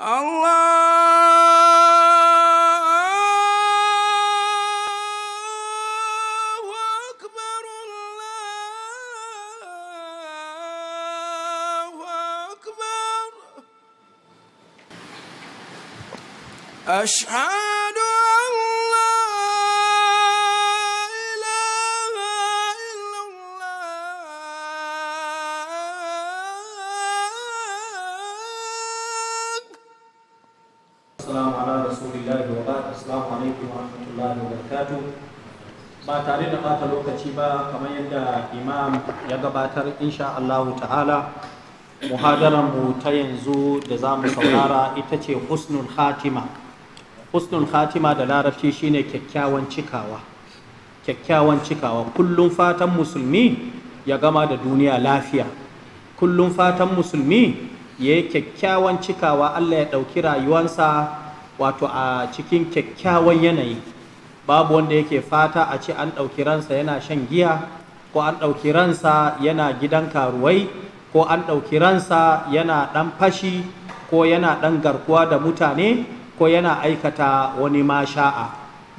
الله أكبر الله أكبر ba kamar yadda imam ya gabatar insha Allahu ta'ala muhadaran mu ta yanzu da za mu saurara ita ce husnul khatima husnun khatima da larabci shine kyakkyawan cikawa kyakkyawan cikawa kullum fatan musulmi ya gama da duniya lafiya kullum fatan musulmi ya yi kyakkyawan cikawa Allah ya ɗauki rayuwansa wato a cikin kyakkyawan yanayi babu wanda yake fata a ce an ɗauki ransa yana shan giya ko an ɗauki ransa yana gidan karuwai ko an ɗauki ransa yana ɗan fashi ko yana ɗan garkuwa da mutane ko yana aikata wani masha'a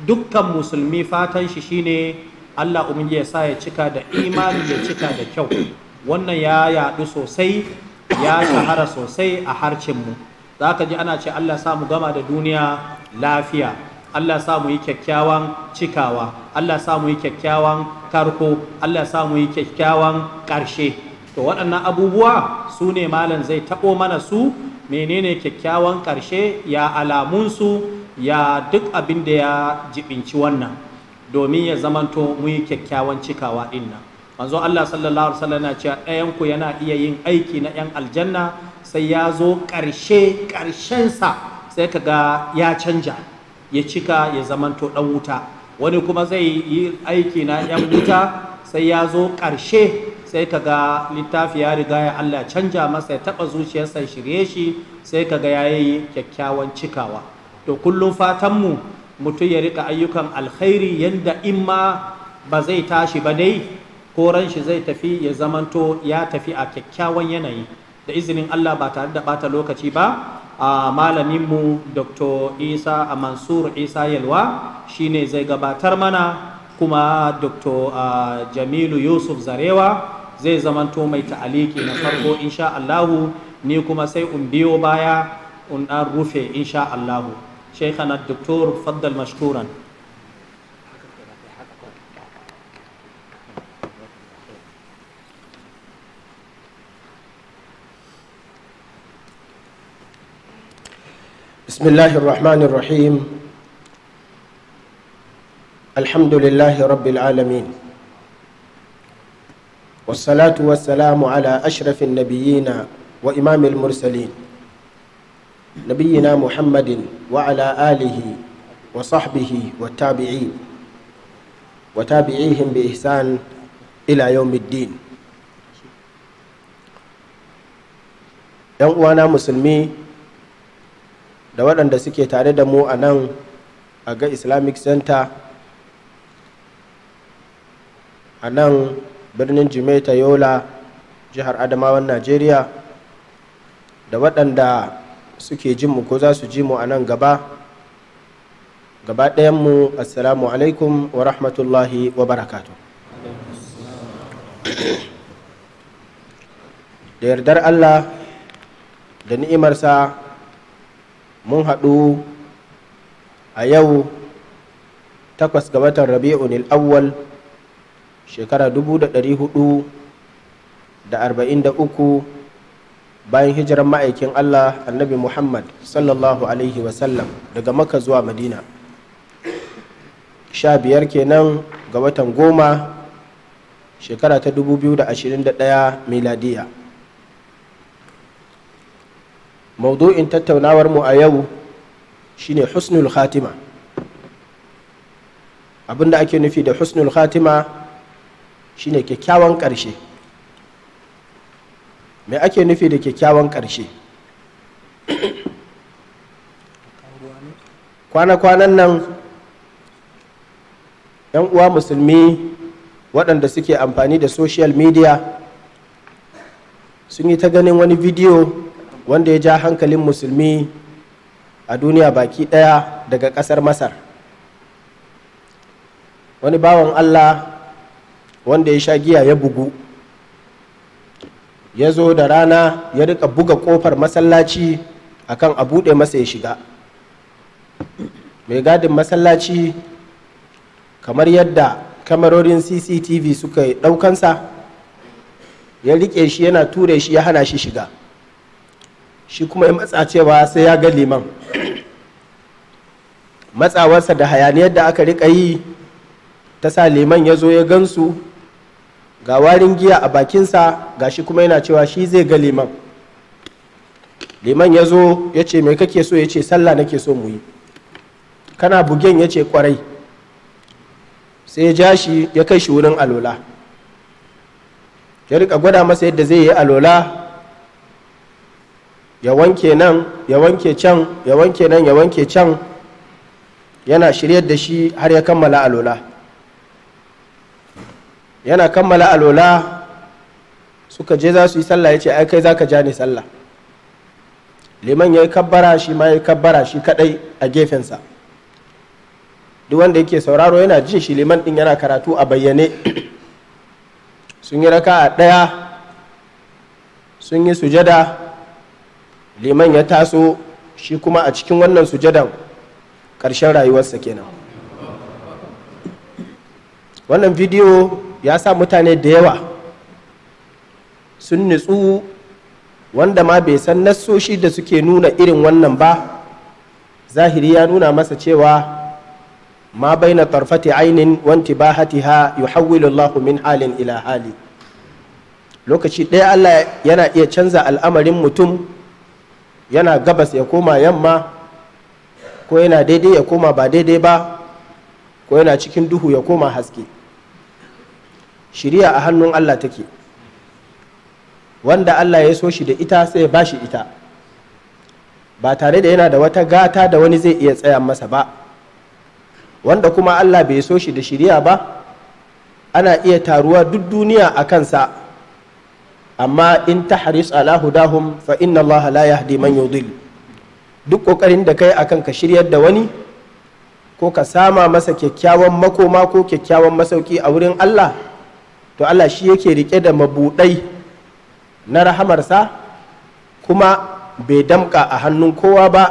dukkan musulmi fatan shi shine Allah umin ya sa ya cika da imani ya cika da kyau wannan ya yaɗu sosai ya shahara sosai a harcinmu za ka ji ana ce Allah samu gama da duniya lafiya Allah sa mu yi kyakkyawan cikawa Allah sa mu yi kyakkyawan karko Allah sa mu yi kyakkyawan ƙarshe to waɗannan abubuwa su ne malam zai taɓo mana su menene kyakkyawan ƙarshe ya alamunsu ya duk abin da ya jibinci wannan domin ya zamanto mu yi kyakkyawan cikawa ɗin nan manzo Allah sallallahu alaihi na cewa ɗayan ku yana iya yin aiki na ƴan aljanna sai ya zo ƙarshe ƙarshensa sai kaga ya canja ya cika ya zamanto ɗan wuta wani kuma zai yi aiki na ‘yan wuta sai ya zo ƙarshe sai ka ga littafi ya riga ya Allah canja masa ya taɓa zuciyarsa shirye shi sai ka ga ya yi kyakkyawan cikawa to kullum fatanmu mutum ya rika ayyukan alkhairi yadda in ma ba zai tashi ba dai ko ran shi zai tafi ya zamanto ya tafi a kyakkyawan yanayi da izinin Allah ba tare da bata lokaci ba a malaminmu dr isa a mansur isa yalwa shine zai gabatar mana kuma dr jamilu yusuf zarewa zai zamanto mai ta'aliki na farko insha allahu ni kuma sai in biyo baya in dan rufe insha allahu shekana dr faddal mashkuran بسم الله الرحمن الرحيم الحمد لله رب العالمين والصلاة والسلام على أشرف النبيين وإمام المرسلين نبينا محمد وعلى آله وصحبه والتابعين وتابعيهم بإحسان إلى يوم الدين يوم أنا مسلمي da waɗanda suke tare da mu a nan a ga islamic center a nan birnin jimeta yola jihar adamawan najeriya da waɗanda suke jin mu ko za su ji mu a nan gaba gaba mu assalamu alaikum wa rahmatullahi wa barakatu da yardar allah da ni'imarsa mun haɗu a yau takwas ga watan rabi'unil awwal shekara dubu da da da hudu arba'in uku bayan hijiran ma'aikin Allah annabi Muhammad sallallahu alaihi wasallam daga maka zuwa Madina sha biyar kenan ga watan goma shekara ta dubu biyu da da ashirin ɗaya miladiya maudu'in tattaunawar mu a yau shine husnul khatima abinda ake nufi da husnul khatima shine kyakkyawan ƙarshe me ake nufi da kyakkyawan ƙarshe kwana-kwanan nan yan uwa musulmi waɗanda suke amfani da social media sun yi ta ganin wani bidiyo wanda ya ja hankalin musulmi a duniya baki ɗaya daga ƙasar masar wani bawan allah wanda ya sha giya ya bugu ya zo da rana ya rika buga ƙofar masallaci akan a buɗe masa ya shiga mai gadin masallaci kamar yadda kamarorin cctv suka ɗaukansa ya riƙe shi yana ture shi ya hana shi shiga shi kuma ya matsa cewa sai ya ga liman matsawarsa da hayaniyar da aka rika yi ta sa liman ya zo ya gansu ga warin giya a bakinsa ga shi kuma yana cewa shi zai ga liman liman ya zo ya ce mai kake so ya ce sallah nake so mu yi kana bugen ya ce kwarai sai ya ja shi ya kai shi wurin alola ya rika gwada masa yadda zai yi alola ya wanke nan ya wanke can ya wanke nan ya wanke can yana shiryar da shi har ya kammala alola yana kammala alola suka je za su yi sallah ya ce ai kai za ka ja ni sallah liman ya yi kabbara shi ma ya yi kabbara shi kadai a gefensa duk wanda yake sauraro yana jin shi liman din yana karatu a bayyane sun yi raka a ɗaya sun yi sujada liman ya taso shi kuma a cikin wannan sujadan ƙarshen rayuwarsa kenan wannan bidiyo ya sa mutane da yawa sun nutsu wanda ma bai san nassoshi da suke nuna irin wannan ba zahiri ya nuna masa cewa ma baina tarfati ainin wanti ba bahatiha yuhawwilu Allahu min halin ila hali lokaci ɗaya Allah yana iya canza al'amarin mutum yana gabas ya koma yamma ko yana daidai ya koma ba daidai ba ko yana cikin duhu ya koma haske Shirya a hannun allah take wanda allah ya so shi da ita sai ya bashi ita ba tare da yana da wata gata da wani zai iya tsaya masa ba wanda kuma allah bai so shi da shiriya ba ana iya taruwa duk duniya a kansa amma in ta haris ala hudahum fa inna Allah la yahdi man yudil duk kokarin da kai akan ka shiryar da wani ko ka sama masa kyakkyawan makoma ko kyakkyawan masauki a wurin Allah to Allah shi yake rike da mabudai na rahamarsa kuma bai damka a hannun kowa ba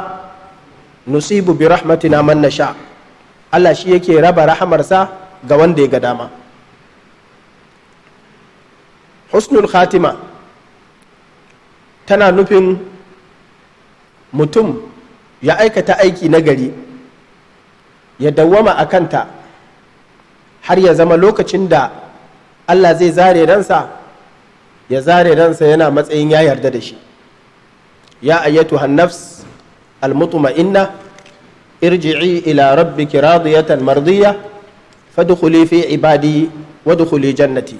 nusibu bi rahmatina man nasha Allah shi yake raba rahamarsa ga wanda ya ga dama husnul khatima tana nufin mutum ya aikata aiki nagari ya dawwama a kanta har ya zama lokacin da allah zai zare ransa ya zare ransa yana matsayin ya yarda da shi ya ayyatu hannafs almutma'inna irji'i ila rabbiki radiyatan mardiya fadkhuli fi ibadi wadkhuli jannati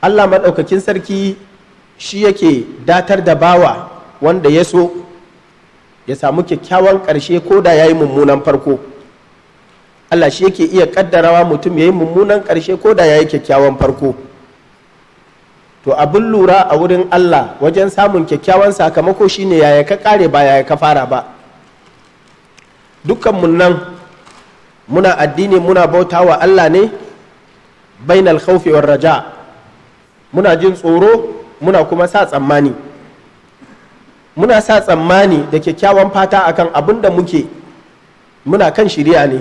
Allah maɗaukakin sarki shi yake datar da bawa wanda ya so ya samu kyakkyawan ƙarshe ko da ya yi mummunan farko Allah shi yake iya ƙaddarawa mutum ya yi mummunan ƙarshe ko da ya yi kyakkyawan farko to abin lura a wurin Allah wajen samun kyakkyawan sakamako shine yaya ka ƙare ba yaya ka fara ba dukkanmu nan muna addini muna bauta wa Allah ne bainal khawfi war raja' muna jin tsoro muna kuma sa tsammani muna sa tsammani da kyakkyawan fata akan abin da muke muna kan shirya ne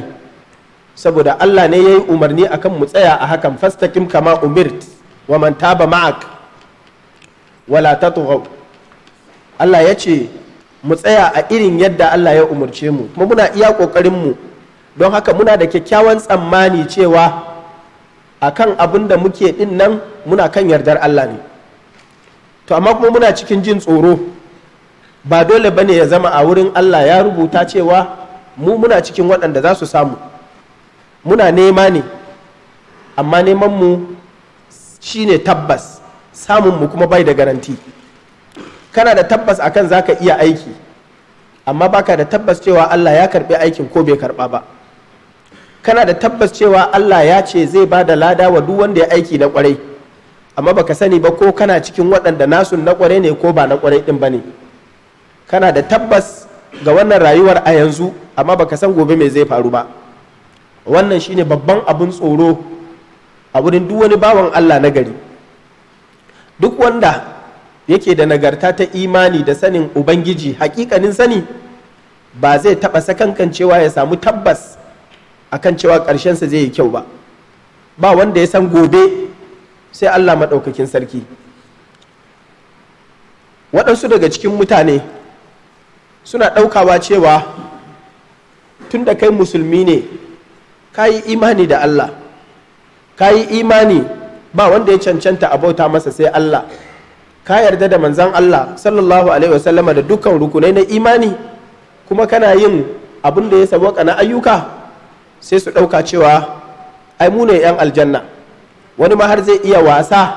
saboda Allah ne ya yi umarni akan mu tsaya a hakan fastakim kama umirt wa man taba ma'ak wala tuho. Allah ya ce mu tsaya a irin yadda Allah ya umarce mu kuma muna iya ƙoƙarinmu don haka muna da kyakkyawan tsammani cewa A kan abin da muke din nan muna kan yardar Allah ne to amma kuma muna cikin jin tsoro ba dole bane ya zama a wurin Allah ya rubuta cewa mu muna cikin waɗanda za su samu muna nema ne amma neman mu ne tabbas samun mu kuma bai da garanti kana da tabbas akan zaka iya aiki amma baka da tabbas cewa Allah ya karɓi aikin ko bai karɓa ba kana da tabbas cewa Allah ya ce zai ba da lada wa duk wanda ya aiki na kwarai amma baka sani ba ko kana cikin waɗanda nasu na kwarai ne ko ba na kwarai din bane kana da tabbas ga wannan rayuwar a yanzu amma baka san gobe mai zai faru ba wannan shine babban abun tsoro a wurin duk wani bawan Allah na gari duk wanda yake da nagarta ta imani da sanin ubangiji hakikanin sani ba zai taɓa sakankan cewa ya samu tabbas akan cewa ƙarshen sa zai yi kyau ba ba wanda ya san gobe sai Allah maɗaukakin sarki waɗansu daga cikin mutane suna ɗaukawa cewa tun da kai musulmi ne ka yi imani da Allah ka yi imani ba wanda ya cancanta a masa sai Allah ka yarda da manzan Allah sallallahu alaihi wasallama da dukkan rukunai na imani kuma kana yin abin da ya sabo na ayyuka sai su ɗauka cewa ai mu ne 'yan aljanna wani ma har zai iya wasa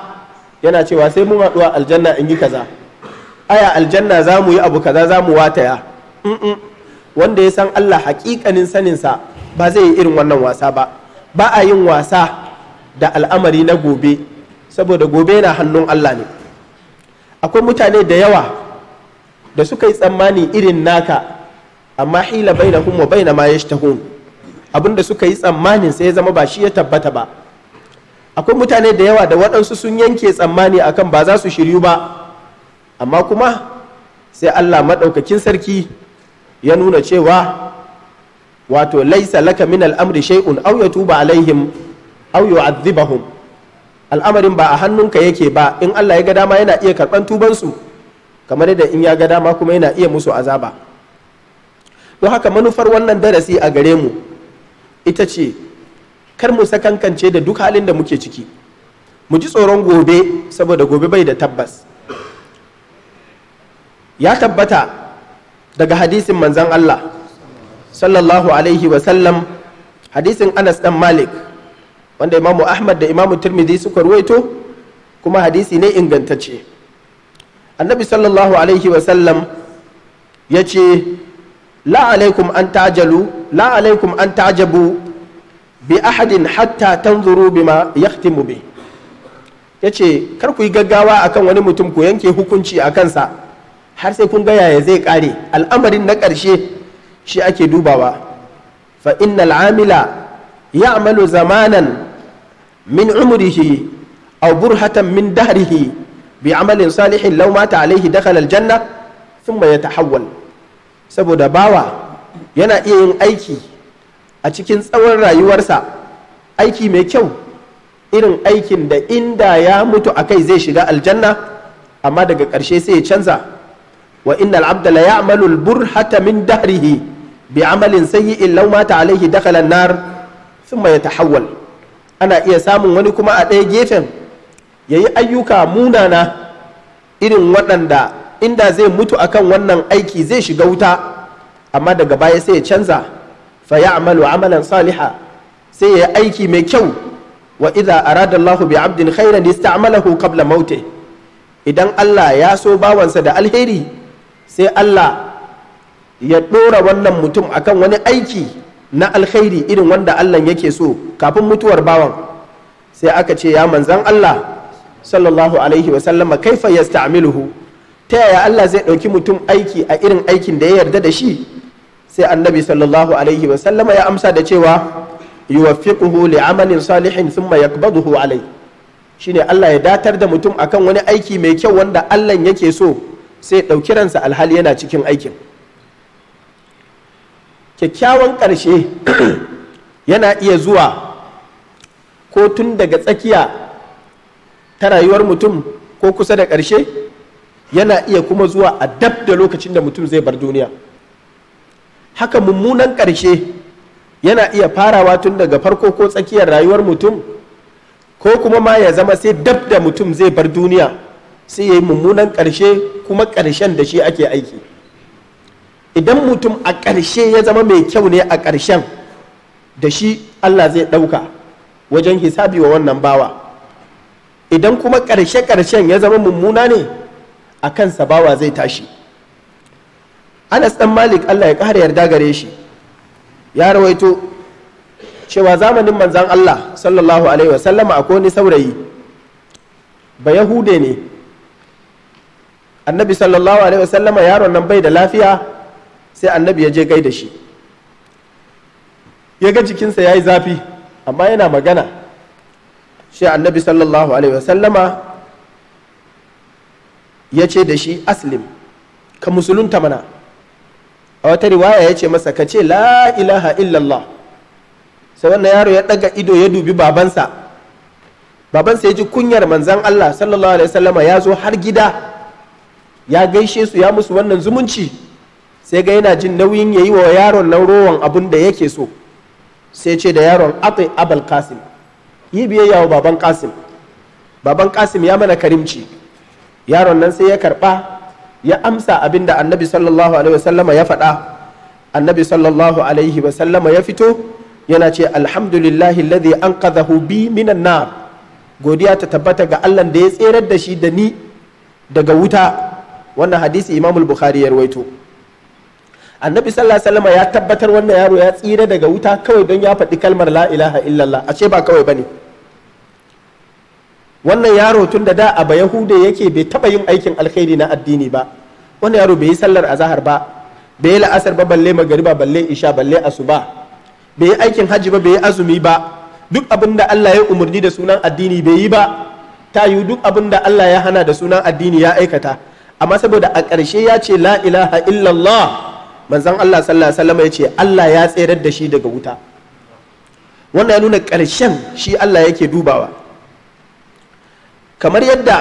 yana cewa sai mun haɗuwa aljanna in yi kaza aya aljanna za mu yi abu kaza za mu wataya wanda ya san allah haƙiƙanin saninsa ba zai yi irin wannan wasa ba ba a yin wasa da al'amari na gobe saboda gobe na hannun allah ne akwai mutane da yawa da suka yi tsammani irin naka amma hila bai na bainahum wa baina ma ya hunu. da suka yi tsammanin sai ya zama ba shi ya tabbata ba akwai mutane da yawa da waɗansu sun yanke tsammani akan ba za su shiryu ba amma kuma sai Allah maɗaukakin sarki ya nuna cewa wato laisa laka min al'amri shay'un aw yatuba alaihim aw yu'adhibahum al'amarin ba a hannunka yake ba in Allah ya ga dama yana iya karɓan tubansu kamar yadda in ya ga dama kuma yana iya musu azaba don haka manufar wannan darasi a gare mu ita ce kar mu sakankance da duk halin da muke ciki mu ji tsoron gobe saboda gobe bai da tabbas ya tabbata daga hadisin manzan Allah sallallahu alaihi wasallam hadisin Anas dan Malik wanda imamu Ahmad da imamu Tirmidhi suka ruwaito kuma hadisi ne ingantacce annabi sallallahu alaihi wasallam ya ce la alaikum an tajalu la alaikum an tajabu bi ahadin hatta tanzuru bima yahtimu bi yace kar ku yi gaggawa akan wani mutum ku yanke hukunci a kansa har sai kun gaya ya zai kare al'amarin na ƙarshe shi ake dubawa fa innal amila ya'malu zamanan min umrihi aw burhatan min dahrihi bi amalin salihin law mata alaihi dakhala aljanna thumma yatahawwal saboda bawa yana iya yin aiki a cikin tsawon rayuwarsa aiki mai kyau irin aikin da inda ya mutu a kai zai shiga aljanna amma daga ƙarshe sai ya canza wa innal abda la ya'malu al hata min dahrihi bi amalin sayyi'in law mata alayhi dakhala an-nar thumma yatahawwal ana iya samun wani kuma a ɗaya gefen ya yi ayyuka munana irin waɗanda inda zai mutu akan wannan aiki zai shiga wuta amma daga baya sai ya canza fa ya amalu amalan saliha sai ya aiki mai kyau wa idza arada Allahu bi 'abdin khairan yasta'malahu qabla mautih idan Allah ya so bawansa da alheri sai Allah ya ɗora wannan mutum akan wani aiki na alkhairi irin wanda Allah yake so kafin mutuwar bawan sai aka ce ya manzan Allah sallallahu alaihi wasallama kaifa yasta'miluhu ta yaya Allah zai ɗauki mutum aiki a irin aikin da ya yarda da shi sai annabi sallallahu alaihi wa sallama ya amsa da cewa yuwaffiquhu li'amalin amalin salihin thumma yakbaduhu alai shine Allah ya datar da mutum akan wani aiki mai kyau wanda Allah yake so sai ɗauki ransa alhali yana cikin aikin kyakkyawan ƙarshe yana iya zuwa ko tun daga tsakiya ta rayuwar mutum ko kusa da ƙarshe yana iya kuma zuwa a dab da lokacin da mutum zai bar duniya haka mummunan ƙarshe yana iya farawa tun daga farko ko tsakiyar rayuwar mutum ko kuma ma ya zama sai dab da mutum zai bar duniya sai ya yi mummunan ƙarshe kuma ƙarshen da shi ake aiki idan mutum a ƙarshe ya zama mai kyau ne a ƙarshen da shi allah zai ɗauka wajen hisabi wa wannan bawa idan kuma ƙarshe-ƙarshen ya zama mummuna ne a kansa bawa zai tashi anas dan malik allah ya ƙara yarda gare shi ya rawaito cewa zamanin manzan allah sallallahu alaihi wasallama akwai wani saurayi ba yahude ne annabi sallallahu alaihi wasallama yaron nan bai da lafiya sai annabi ya je gai da shi ya ga jikinsa ya yi zafi amma yana magana shi annabi sallallahu alaihi wasallama ya ce da shi aslim ka musulunta mana a wata riwaya ya ce masa ka ce la ilaha illallah sai wannan yaro ya ɗaga ido ya dubi babansa babansa ya ji kunyar manzan Allah sallallahu alaihi wasallama ya zo har gida ya gaishe su ya musu wannan zumunci sai ga yana jin nauyin ya yi wa yaron nan rowan abin da yake so sai ce da yaron atai abal kasim yi biyayya wa baban kasim baban kasim ya mana karimci yaron nan sai ya karɓa ya amsa abin da annabi sallallahu alaihi wasallama ya faɗa annabi sallallahu alaihi wasallama ya fito yana ce alhamdulillahi alladhi anqadhahu bi minan nar godiya ta tabbata ga Allah da ya tserar da shi da ni daga wuta wannan hadisi imamul bukhari ya rawaito annabi sallallahu alaihi wasallama ya tabbatar wannan yaro ya tsira daga wuta kawai don ya faɗi kalmar la ilaha illallah a ce ba kawai bane wannan yaro tun da da a ba yahude yake bai taba yin aikin alkhairi na addini ba wannan yaro bai yi sallar azahar ba bai yi la'asar ba balle magariba balle isha balle asuba bai yi aikin hajji ba bai yi azumi ba duk abin da Allah ya umarni da sunan addini bai yi ba ta yi duk abin da Allah ya hana da sunan addini ya aikata amma saboda a ƙarshe ya ce la ilaha illallah manzon Allah sallallahu alaihi wasallam ya ce Allah ya tsayar da shi daga wuta wannan ya nuna ƙarshen shi Allah yake dubawa kamar yadda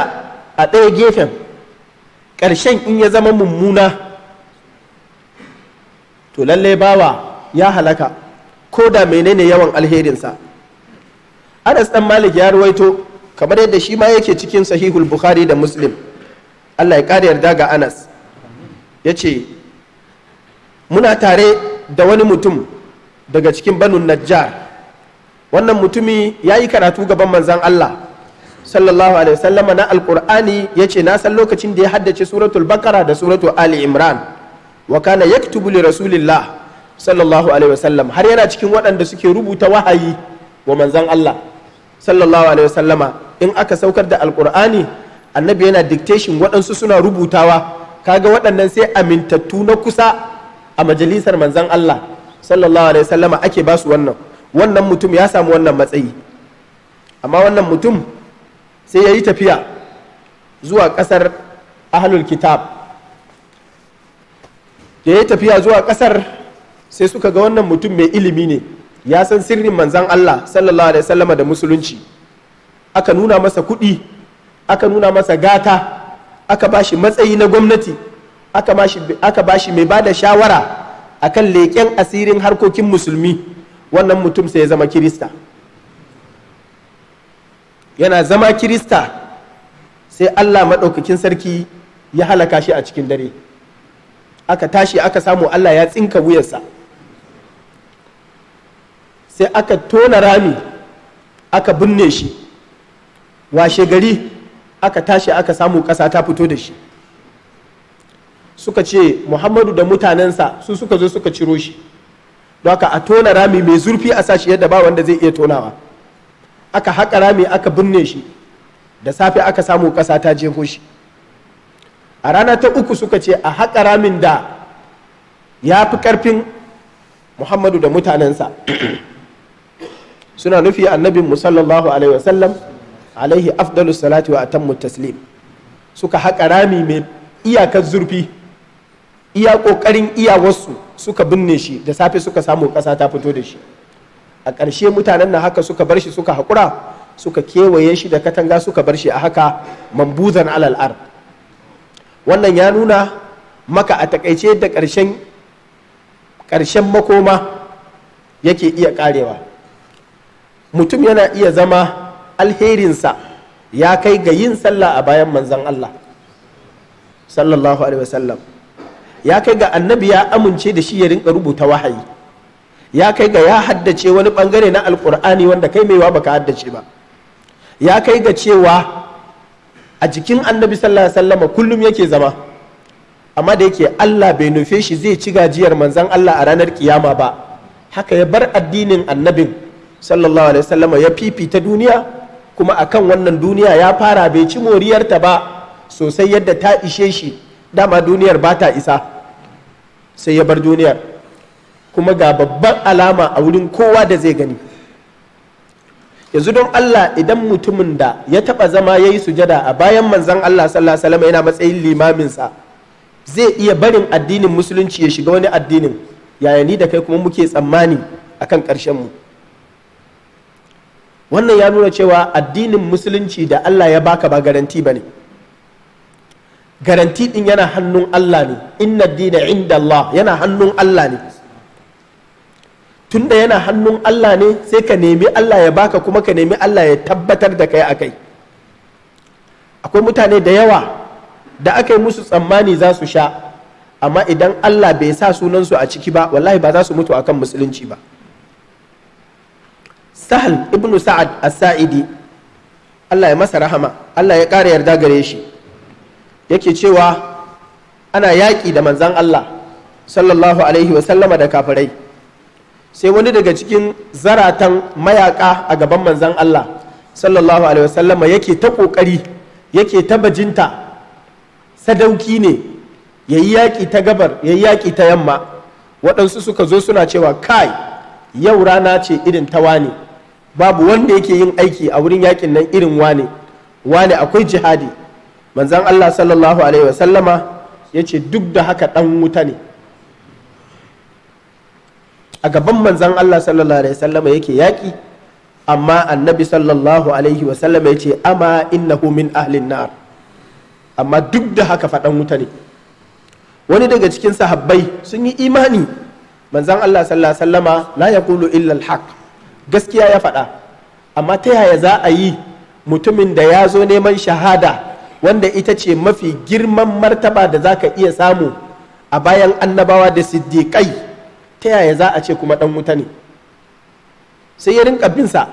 a ɗaya gefen ƙarshen in ya zama mummuna to lallai bawa ya halaka ko da menene yawan alherinsa anas ɗan malik ya ruwaito kamar yadda shi ma yake cikin sahihul bukhari da muslim allah ya ƙara yarda ga anas ya ce muna tare da wani mutum daga cikin banu najjar wannan mutumi ya yi karatu gaban manzan allah sallallahu alaihi wasallama na alqur'ani yace na san lokacin da ya haddace suratul bakara da suratul ali imran wa kana yaktubu li rasulillah sallallahu alaihi wasallam har yana cikin waɗanda suke rubuta wahayi wa manzon Allah sallallahu alaihi wasallama in aka saukar da alqur'ani annabi yana dictation waɗansu suna rubutawa kaga waɗannan sai amintattu na kusa a majalisar manzan Allah sallallahu alaihi wasallama ake basu wannan wannan mutum ya samu wannan matsayi amma wannan mutum sai ya yi tafiya zuwa ƙasar ahalul kitab da ya yi tafiya zuwa ƙasar sai suka ga wannan mutum mai ilimi ne ya san sirrin manzan Allah sallallahu alaihi wasallama da musulunci aka nuna masa kuɗi aka nuna masa gata aka ba shi matsayi na gwamnati aka ba shi mai ba da shawara akan leƙen asirin harkokin musulmi wannan mutum sai ya zama kirista yana zama kirista sai allah maɗaukakin sarki ya halaka shi a cikin dare aka tashi aka samu allah ya tsinka wuyarsa sai aka tona rami aka binne shi washe gari aka tashi aka samu ƙasa ta fito da shi suka ce muhammadu da mutanensa su suka zo suka ciro shi don haka a tona rami mai zurfi a sashi yadda ba wanda zai iya tonawa aka haƙa rami aka binne shi da safe aka samu ƙasa ta jefo shi a rana ta uku suka ce a haƙa ramin da ya fi ƙarfin muhammadu da mutanensa suna nufi annabin musallallahu alaihi wasallam alaihi afdalus salatu wa atammu taslim suka haƙa rami mai iyakar zurfi iya ƙoƙarin iyawarsu suka binne shi da safe suka samu ƙasa ta fito da shi a ƙarshe mutanen na haka suka bar shi suka haƙura suka kewaye shi da katanga suka bar shi a haka mambuzan alal'ar wannan ya nuna maka a takaice da ƙarshen ƙarshen makoma yake iya ƙarewa mutum yana iya zama alherinsa ya kai ga yin sallah a bayan manzan Allah sallallahu alaihi wasallam ya kai ga annabi ya amince da shi ya rinka rubuta wahayi ya kai ga ya haddace wani bangare na alkur'ani wanda kai maiwa baka haddace ba ya kai ga cewa a jikin annabi sallallahu alaihi wasallam kullum yake zama amma da yake Allah bai nufe shi zai ci gajiyar manzan Allah a ranar kiyama ba haka ya bar addinin annabin sallallahu alaihi wasallam ya fifita duniya kuma akan wannan duniya ya fara bai ci moriyarta ba sosai yadda ta ishe shi dama duniyar ba ta isa sai ya bar duniyar kuma ga babban alama a wurin kowa da zai gani yanzu don Allah idan mutumin da ya taba zama ya yi sujada a bayan manzan Allah sallallahu alaihi yana matsayin limaminsa zai iya barin addinin musulunci ya shiga wani addinin yaya ni da kai kuma muke tsammani akan ƙarshen mu wannan ya nuna cewa addinin musulunci da Allah ya baka ba garanti bane garanti din yana hannun Allah ne inna dina inda Allah yana hannun Allah ne Tun da yana hannun Allah ne sai ka nemi Allah ya baka kuma ka nemi Allah ya tabbatar da kai akai akwai mutane da yawa da aka yi musu tsammani za su sha amma idan Allah bai sa sunansu a ciki ba wallahi ba za su mutu akan musulunci ba sahal ibnu sa'ad as-sa'idi Allah ya masa rahama Allah ya ƙara yarda gare shi yake cewa ana yaƙi da manzan Allah sallallahu alaihi wa sallama da kafirai sai wani daga cikin zaratan mayaka a gaban manzan Allah sallallahu alaihi wasallama yake ta kokari yake ta bajinta sadauki ne yayi yaƙi ta gabar yayi yaƙi ta yamma waɗansu suka zo suna cewa kai yau rana ce irin ta wane babu wanda yake yin aiki a wurin yaƙin nan irin wane wane akwai jihadi manzan Allah sallallahu alaihi wasallama ya duk da haka ɗan wuta ne a gaban manzan Allah sallallahu alaihi wasallam yake yaki amma annabi sallallahu alaihi wasallam ya ce ama innahu min ahlin nar amma duk da haka faɗan wuta ne wani daga cikin sahabbai sun yi imani manzan Allah sallallahu alaihi wasallama la yaqulu illa alhaq gaskiya ya faɗa amma ta yaya za a yi mutumin da ya zo neman shahada wanda ita ce mafi girman martaba da za ka iya samu a bayan annabawa da siddiƙai ta yaya za a ce kuma ɗan wuta ne sai ya rinka binsa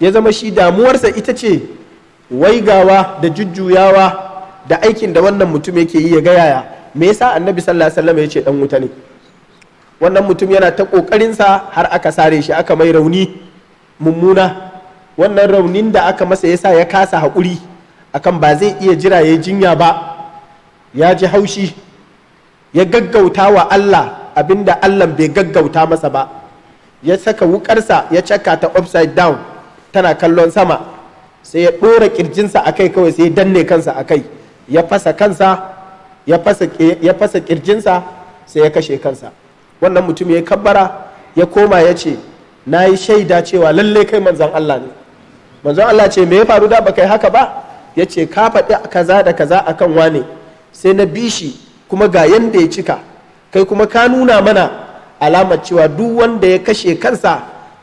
ya zama shi damuwarsa ita ce waigawa da jujjuyawa da aikin da wannan mutum yake yi ya ga yaya me yasa annabi sallallahu alaihi wasallam ya ce dan wuta ne wannan mutum yana ta kokarin sa har aka sare shi aka mai rauni mummuna wannan raunin da aka masa yasa ya kasa hakuri akan ba zai iya jira ya jinya ba ya ji haushi ya gaggauta wa Allah abinda Allah bai gaggauta masa ba ya saka wukarsa ya caka ta upside down tana kallon sama sai ya ɗora ƙirjinsa a kai kawai sai ya danne kansa a kai ya fasa kansa ya fasa kirjinsa sai ya kashe kansa wannan mutum ya kabbara ya koma ya ce na yi shaida cewa lallai kai manzon Allah ne manzon Allah ce me ya faru da baka yi haka ba ya ce ka faɗi kaza da kaza akan wane sai na bishi kuma ga yanda ya cika kai kuma ka nuna mana alamar cewa duk wanda ya kashe kansa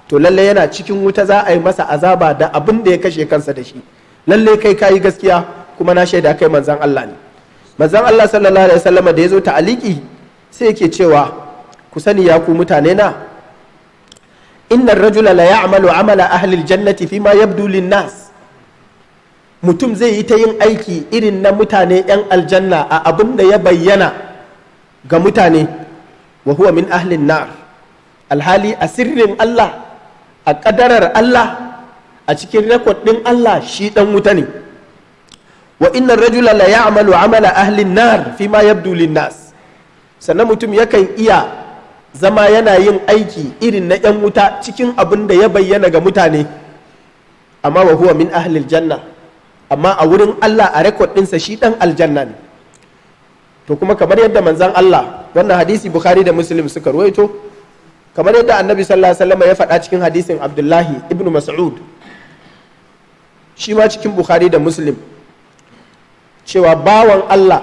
to lalle yana cikin wuta za a yi masa azaba da abin da ya kashe kansa da shi lalle kai ka yi gaskiya kuma na shaida kai manzan Allah ne manzan Allah sallallahu alaihi wasallam da ya zo ta'aliki sai yake cewa ku sani ya ku mutane na inna ar-rajul la ya'malu amala ahli fi fima yabdu nas. mutum zai yi ta yin aiki irin na mutane yan aljanna a abin da ya bayyana ga mutane wa huwa min ahlin nar alhali a sirrin Allah a ƙadarar Allah a cikin rekod Allah shi ɗan wuta ne wa inna rajula la ya'malu amala ahlin nar fi ma yabdu lin nas sannan mutum yakan iya zama yana yin aiki irin na 'yan wuta cikin abin da ya bayyana ga mutane amma wa huwa min ahlil janna amma a wurin Allah a rekod ɗinsa shi ɗan aljanna ne to kuma kamar yadda manzan Allah wannan hadisi bukhari da muslim suka ruwaito kamar yadda annabi sallallahu alaihi wasallam ya faɗa cikin hadisin abdullahi ibn mas'ud shi ma cikin bukhari da muslim cewa bawan Allah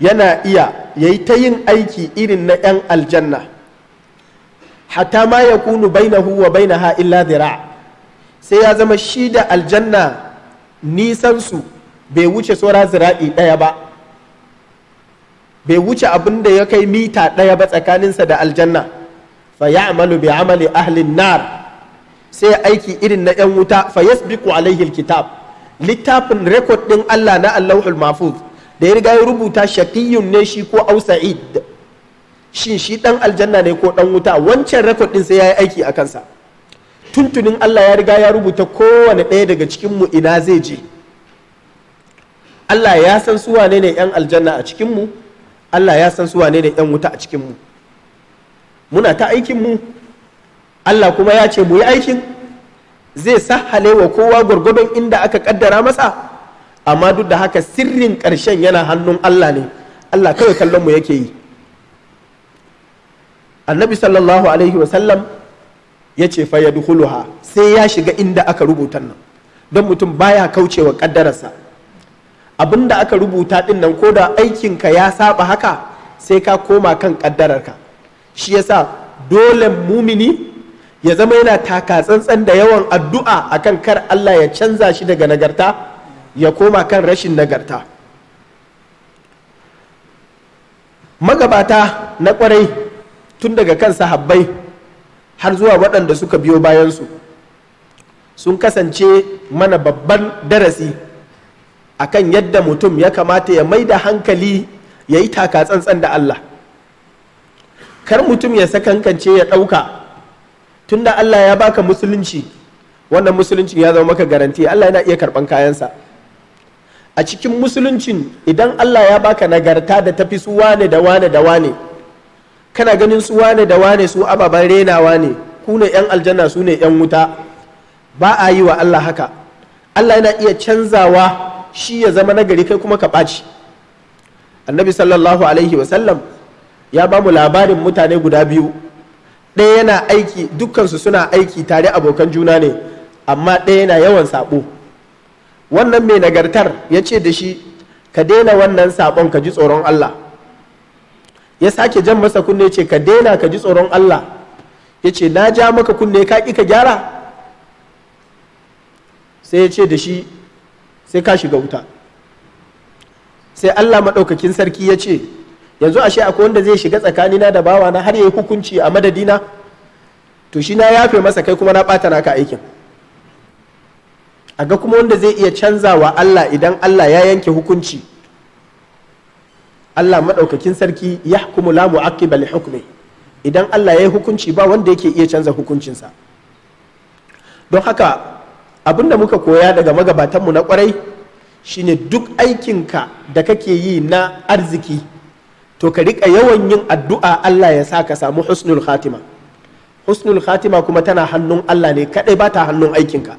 yana iya yayi ta yin aiki irin na 'yan aljanna hatta ma ya kunu bainahu wa bainaha illa dhira sai ya zama shi da aljanna nisan su bai wuce saura zira'i ɗaya ba bai wuce abin da ya kai mita ɗaya ba tsakaninsa da aljanna fa ya amalu bi amali ahlin nar sai aiki irin na yan wuta fa yasbiqu alaihi alkitab littafin rekod din Allah na Allahul Mahfuz da ya riga ya rubuta shaqiyun ne shi ko au shin shi dan aljanna ne ko dan wuta wancan rekod din sai yi aiki a kansa tuntunin Allah ya riga ya rubuta kowane ɗaya daga cikin mu ina zai je Allah ya san su wane ne yan aljanna a cikin mu Allah ya san su wane da yan wuta a cikinmu muna ta aikinmu Allah kuma ya ce mu yi aikin zai sahale wa kowa gwargwadon inda aka kaddara masa amma duk da haka sirrin ƙarshen yana hannun Allah ne Allah kawai kallon mu yake yi annabi sallallahu alaihi wasallam ya ce fa sai ya shiga inda aka rubuta nan don mutum baya kaucewa kaddararsa abin da aka rubuta din nan ko da aikinka ya saba haka sai ka koma kan ƙaddararka shi yasa dole mumini ya zama yana taka tsantsan da yawan addu'a akan kar Allah ya canza shi daga nagarta ya koma kan rashin nagarta magabata na kwarai tun daga kan sahabbai har zuwa waɗanda suka biyo bayansu sun kasance mana babban darasi akan yadda mutum ya kamata ya mai da hankali ya yi taka tsantsan da Allah kar mutum ya sakankance ya ɗauka tunda Allah ya baka musulunci wannan musuluncin ya zama maka garanti Allah yana iya karɓan kayansa a cikin musulunci idan Allah ya baka nagarta da tafi su wane da wane da wane kana ganin su wane da wane su ababen renawa ne ku ne 'yan aljanna su ne 'yan wuta ba a yi wa Allah haka Allah yana iya canzawa shi ya zama nagari kai kuma ka ɓaci annabi sallallahu alaihi wasallam ya ba mu labarin mutane guda biyu ɗaya yana aiki dukkansu suna aiki tare abokan juna ne amma ɗaya yana yawan saɓo wannan mai nagartar ya ce da shi ka daina wannan saɓon ka ji tsoron allah ya sake jan masa kunne ce ka daina ka ji tsoron allah ya ce na ja maka kunne ka ƙi ka gyara sai ya ce da shi sai ka shiga wuta sai Allah maɗaukakin sarki ya ce yanzu ashe akwai wanda zai shiga tsakanina da na har yi hukunci a madadina to shi na yafe masa kai kuma na ɓata naka aikin a ga kuma wanda zai iya canzawa Allah idan Allah ya yanke hukunci Allah maɗaukakin sarki ya hukumu lamu mu'aqqiba idan Allah ya yi hukunci ba wanda yake iya canza hukuncinsa don haka Abin da muka koya daga magabatanmu na kwarai shine duk aikinka da kake yi na arziki to ka rika yawan yin addu'a Allah ya sa ka samu husnul khatima husnul khatima kuma tana hannun Allah ne kadai ba ta hannun aikinka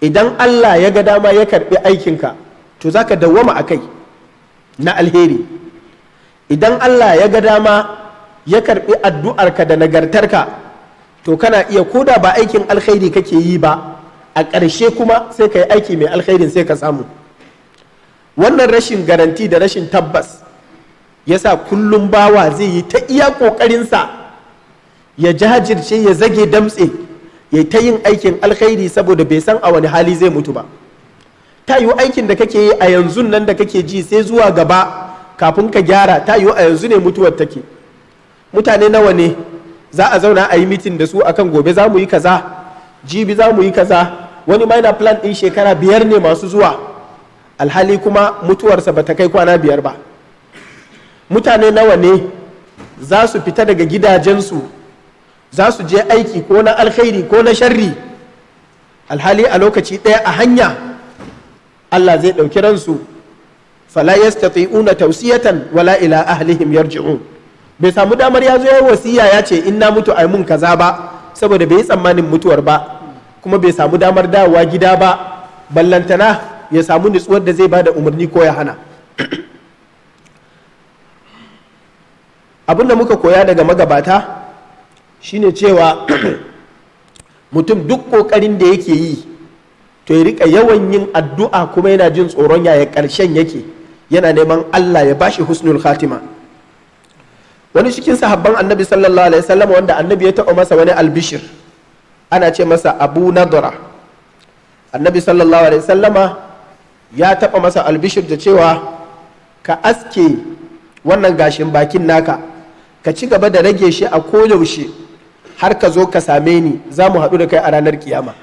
idan Allah ya ga dama ya karɓi aikinka to za ka dawwama a kai na alheri idan Allah ya ga dama ya karɓi addu'arka da nagartarka to kana iya koda ba aikin alkhairi kake yi ba a ƙarshe kuma sai ka yi aiki mai alkhairin sai ka samu wannan rashin garanti da rashin tabbas ya sa kullum bawa zai yi ta iya ƙoƙarinsa ya jajirce ya zage damtse ya ta yin aikin alkhairi saboda bai san a wani hali zai mutu ba ta yi aikin da kake yi a yanzu nan da kake ji sai zuwa gaba kafin ka gyara ta yi a yanzu ne mutuwar take mutane nawa ne za a zauna a yi mitin da su akan gobe za mu yi kaza jibi za mu yi kaza wani ma plan ɗin shekara biyar ne masu zuwa alhali kuma mutuwarsa ba ta kai kwana biyar ba mutane nawa ne za su fita daga gidajensu za su je aiki ko na alkhairi ko na sharri alhali a lokaci ɗaya a hanya allah zai ɗauki ransu fala yastati'una tausiyatan wala ila ahlihim yarji'un bai samu damar ya zo ya yi wasiya ya ce in na mutu a mun kaza ba saboda bai yi tsammanin mutuwar ba kuma bai samu damar dawowa gida ba ballantana ya samu nutsuwar da zai ba da umarni ko ya hana abin da muka koya daga magabata shine cewa mutum duk ƙoƙarin da yake yi to ya rika yawan yin addu'a kuma yana jin tsoron yaya karshen yake yana neman allah ya bashi husnul khatima wani cikin sahabban annabi sallallahu alaihi wasallam wanda annabi ya taɓa masa wani albishir ana ce masa abu nadara annabi sallallahu alaihi wasallam ya taɓa masa albishir da cewa ka aske wannan gashin bakin naka ka ci gaba da rage shi a koyaushe har ka zo ka same ni za mu haɗu da kai a ranar kiyama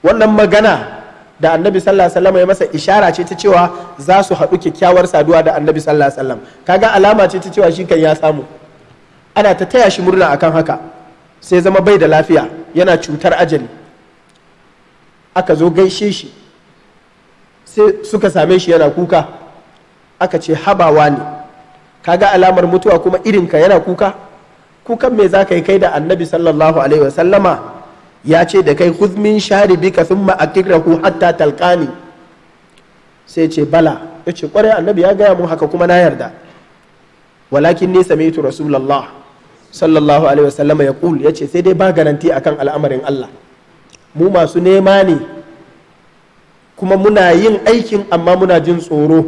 wannan magana da annabi sallallahu alaihi wasallam ya masa ishara ce ta cewa za su haɗu kyakkyawar saduwa da annabi sallallahu alaihi wasallam kaga alama ce ta cewa shi kan ya samu ana ta taya shi murna akan haka sai zama bai da lafiya yana cutar ajali aka zo gaishe shi sai suka same shi yana kuka aka ce habawa ne kaga alamar mutuwa kuma irinka yana kuka kukan me za ka yi kai da annabi sallallahu alaihi wasallama ya ce da kai huzmin sharibika thumma maakirahu hatta talkani sai ce bala ya ce kwarai annabi ya gaya mun haka kuma na yarda walakin ne sami'tu rasulallah sallallahu alaihi wasallama ya kul ya ce sai dai ba garanti akan al'amarin Allah mu masu nema ne kuma muna yin aikin amma muna jin tsoro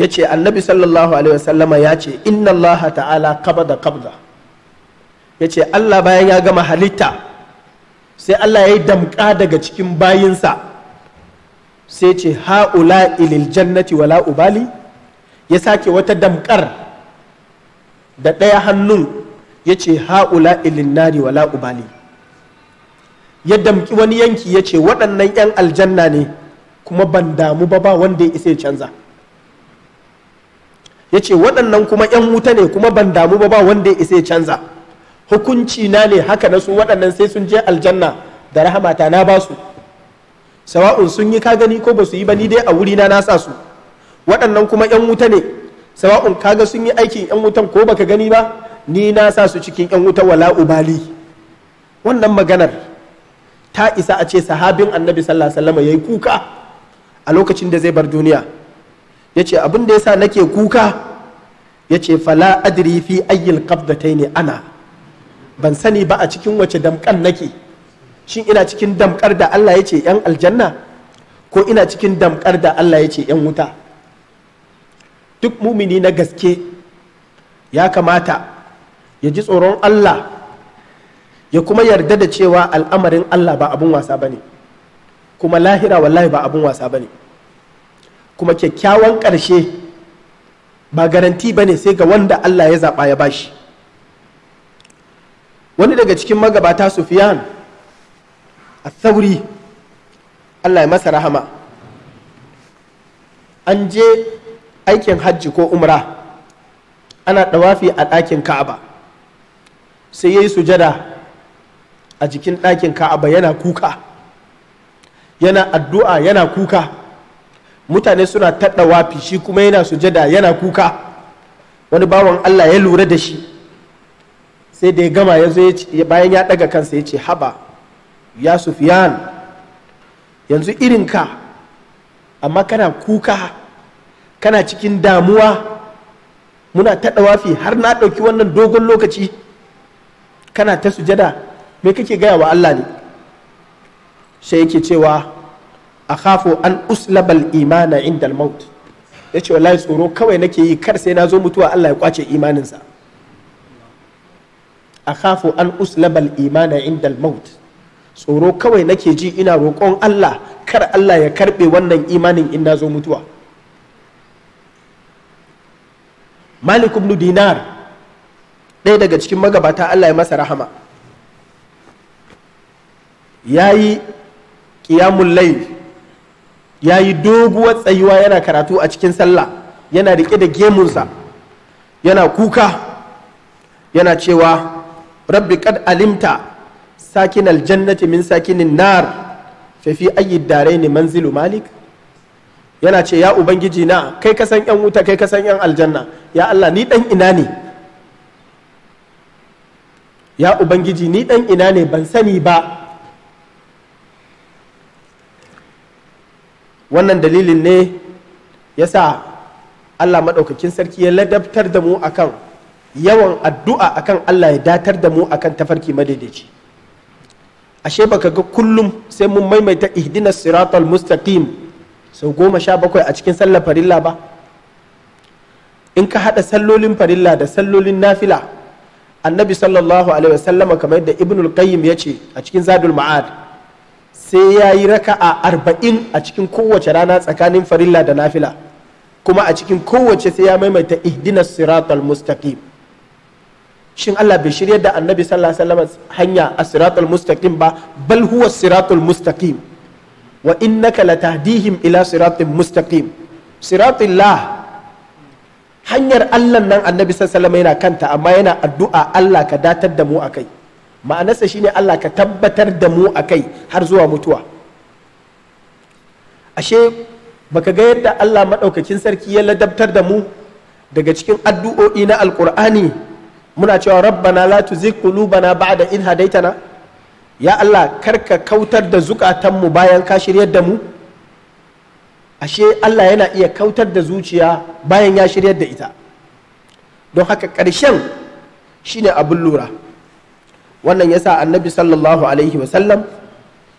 ya ce annabi sallallahu alaihi wasallama ya ce inna allah ta'ala da kabda. ya ce Allah bayan ya gama halitta sai Allah ya yi damƙa daga cikin bayinsa sai ce ha'ula ilil jannati wala ubali ya sake wata damƙar da ɗaya hannun ya ce ha'ula ilil nari wala ubali ya damƙi wani yanki ya ce waɗannan 'yan aljanna ne kuma ban damu ba ba wanda ya isa ya canza ya ce waɗannan kuma 'yan wuta ne kuma ban damu ba ba wanda ya isa ya canza hukunci na ne haka na su waɗannan sai sun je aljanna da rahamata na ba su sawa'un sun yi ka gani ko ba su yi ba ni dai a wuri na nasa su waɗannan kuma yan wuta ne sawa'un kaga sun yi aikin yan wutan ko baka gani ba ni na sa su cikin yan wuta wala ubali wannan maganar ta isa a ce sahabin annabi sallallahu alaihi wasallam yayi kuka a lokacin da zai bar duniya yace abin da yasa nake kuka yace fala adri fi ayyil ne ana ban sani ba a cikin wace damkan nake shin ina cikin damkar da Allah ya ce yan aljanna ko ina cikin damkar da Allah ya ce yan wuta duk mumini na gaske ya kamata ya ji tsoron Allah ya kuma yarda da cewa al'amarin Allah ba abun wasa ba ne kuma lahira wallahi ba abun wasa ba ne kuma kyakkyawan ƙarshe ba garanti ba ne sai ga wanda Allah ya zaɓa ya bashi wani daga cikin magabata sufiyan a sauri allah ya masa rahama an je aikin hajji ko umra ana ɗawafi a ɗakin ka'aba sai ya yi sujada a jikin ɗakin ka'aba yana kuka yana addu'a yana kuka mutane suna ta ɗawafi shi kuma yana sujada yana kuka wani bawan allah ya lura da shi sai da ya gama ya zo bayan ya ɗaga kansa ya ce haba ya sufiyan yanzu irinka amma kana kuka kana cikin damuwa muna ta dawafi har na ɗauki wannan dogon lokaci kana ta sujada me kake gaya wa Allah ne sai yake cewa a khafo an uslabal imana inda maut ya ce wallahi tsoro kawai nake yi kar sai na zo mutuwa Allah ya kwace imaninsa A kafo an uslabal imana inda maut tsoro kawai nake ji ina roƙon Allah kar Allah ya karɓe wannan imanin in na zo mutuwa malik ibn dinar ɗaya daga cikin magabata Allah ya masa rahama yayi yi ƙiyamun yayi ya doguwar tsayuwa yana karatu a cikin sallah yana riƙe da gemunsa yana kuka yana cewa rabbi kad alimta sakin aljannati min sakinin nar fa fi ayi ne manzilu malik yana ce ya ubangiji na kai ka san yan wuta kai ka san yan aljanna ya Allah ni dan ina ne ya ubangiji ni dan ina ne ban sani ba wannan dalilin ne ya sa Allah maɗaukakin sarki ya ladabtar da mu akan yawan addu'a akan Allah ya datar da mu akan tafarki madaidaici ashe baka ga kullum sai mun maimaita ihdina siratal mustaqim sau goma sha bakwai a cikin sallar farilla ba in ka haɗa sallolin farilla da sallolin nafila annabi sallallahu alaihi wasallama kamar yadda ibnul qayyim ya ce a cikin zadul ma'ad sai ya yi a arba'in a cikin kowace rana tsakanin farilla da nafila kuma a cikin kowace sai ya maimaita ihdina siratal mustaqim shin Allah bai shirya da annabi sallallahu alaihi wasallam hanya as-siratul mustaqim ba bal huwa siratul mustaqim wa innaka latahdihim ila siratin mustaqim siratillah hanyar Allah nan annabi sallallahu alaihi yana kanta amma yana addu'a Allah ka datar da mu akai ma'anarsa shine Allah ka tabbatar da mu akai har zuwa mutuwa ashe baka ga yadda Allah madaukakin sarki ya ladabtar da mu daga cikin addu'o'i na alqur'ani muna cewa rabbana la tuzigh ba da in hadaitana ya Allah karka kautar da zukatanmu bayan ka shiryar da mu ashe Allah yana iya kautar da zuciya bayan ya shirya da ita don haka ƙarshen shine abin lura wannan yasa annabi sallallahu alaihi wasallam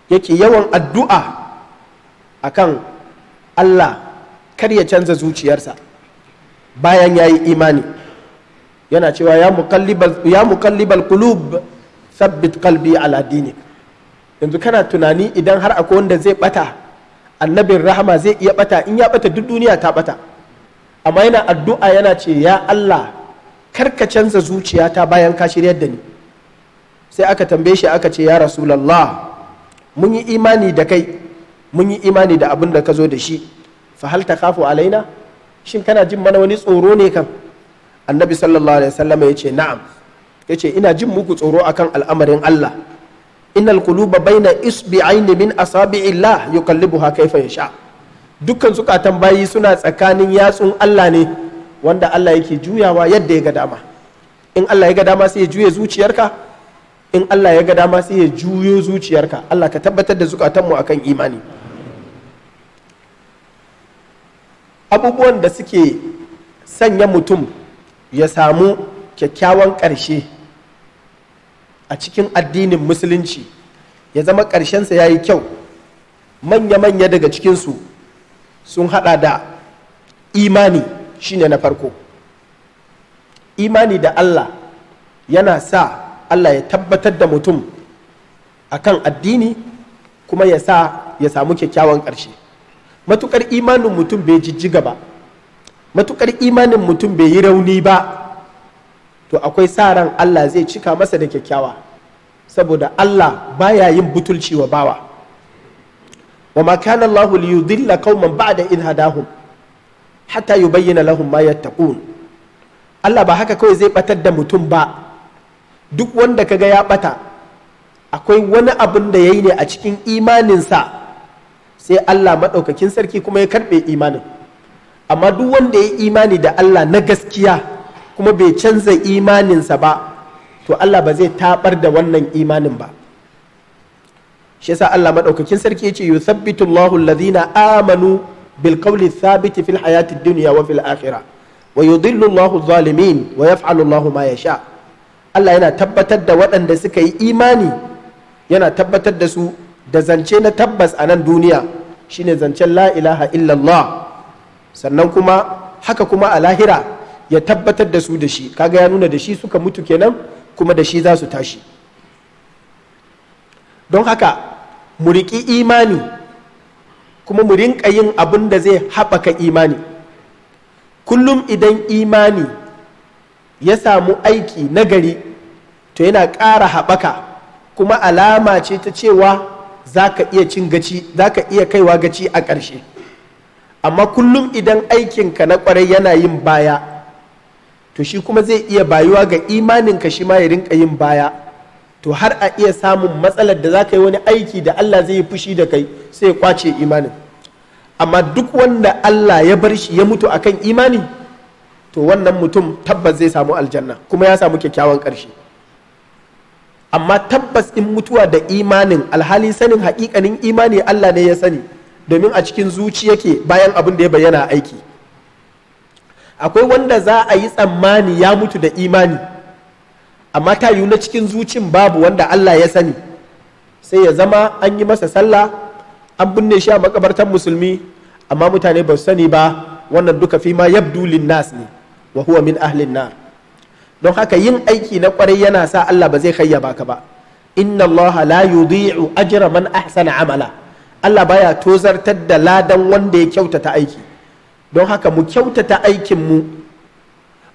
yake yawan addu'a akan Allah kar ya canza zuciyarsa bayan ya yi imani yana cewa ya muqallibal kulub sabbit kalbi ala dinik yanzu kana tunani idan har akwai wanda zai bata annabin rahama zai iya bata in ya bata duk duniya ta bata amma yana addu'a yana ce ya Allah karka canza zuciyata bayan ka shiryar da ni sai aka tambaye shi aka ce ya rasulallah mun yi imani da kai mun yi imani da abin da ka zo da shi fa hal kafu alaina shin kana jin mana wani tsoro ne kan annabi sallallahu alaihi wasallam ya ce na'am ya ce ina jin muku tsoro akan al'amarin Allah innal quluba baina isbi'aini min asabi'illah yuqallibuha kaifa yasha dukkan zukatan bayi suna tsakanin yatsun Allah ne wanda Allah yake juyawa yadda ya ga dama in Allah ya ga dama sai ya juye zuciyarka in Allah ya ga dama sai ya juyo zuciyarka Allah ka tabbatar da zukatanmu akan imani abubuwan da suke sanya mutum ya samu kyakkyawan ƙarshe a cikin addinin musulunci ya zama ƙarshensa ya yi kyau manya-manya daga cikinsu sun hada da imani shine na farko imani da Allah yana sa Allah ya tabbatar da mutum akan addini kuma ya sa ya samu kyakkyawan ƙarshe Matuƙar imanin mutum bai jijjiga ba matukar imanin mutum bai yi rauni ba to akwai sa ran Allah zai cika masa da kyakkyawa saboda Allah baya yin butulci wa bawa wa ma kana Allah li yudilla qauman ba'da in hadahum hatta yubayyana lahum ma yattaqun Allah ba haka kawai zai batar da mutum ba duk wanda kaga ya bata akwai wani abin da yayi ne a cikin imaninsa sai Allah maɗaukakin sarki kuma ya karɓe imanin amma duk wanda ya imani da Allah na gaskiya kuma bai canza imaninsa ba to Allah ba zai tabar da wannan imanin ba shi yasa Allah madaukakin sarki yace yuthabbitu Allahu alladhina amanu bil qawli thabiti fil hayatid dunya wa fil akhirah wa yudhillu Allahu adh-dhalimin wa yaf'alu Allahu ma yasha Allah yana tabbatar da waɗanda suka yi imani yana tabbatar da su da zance na tabbas a nan duniya shine zancen la ilaha illallah sannan kuma haka kuma a lahira ya tabbatar da su da shi kaga ya nuna da shi suka mutu kenan kuma da shi za su tashi don haka mu riƙi imani kuma mu rinƙa yin abin da zai haɓaka imani kullum idan imani ya samu aiki nagari to yana ƙara haɓaka kuma alama ce ta cewa za ka cin gaci za ka iya kaiwa gaci a ƙarshe amma kullum idan aikinka na kwarai yana yin baya to shi kuma zai iya bayuwa ga imaninka shi ma ya rinka yin baya to har a iya samun matsalar da za ka yi wani aiki da Allah zai yi fushi da kai sai ya kwace imanin amma duk wanda Allah ya bar shi ya mutu akan imani to wannan mutum tabbas zai samu aljanna kuma ya samu kyakkyawan ƙarshe amma tabbas in mutuwa da imanin alhali sanin haƙiƙanin imani Allah ne ya sani domin a cikin zuci yake bayan abin da ya bayyana aiki akwai wanda za a yi tsammani ya mutu da imani amma ta yiwu na cikin zucin babu wanda Allah ya sani sai ya zama an yi masa sallah an binne shi a makabartar musulmi amma mutane ba su sani ba wannan duka fi ma yabdu nas ne wa huwa min ahlin nar don haka yin aiki na kwarai yana sa Allah ba zai kayyaba baka ba inna Allah la yudhi'u ajra man ahsana amala Allah baya tozartar da ladan wanda ya kyautata aiki don haka mu kyautata aikinmu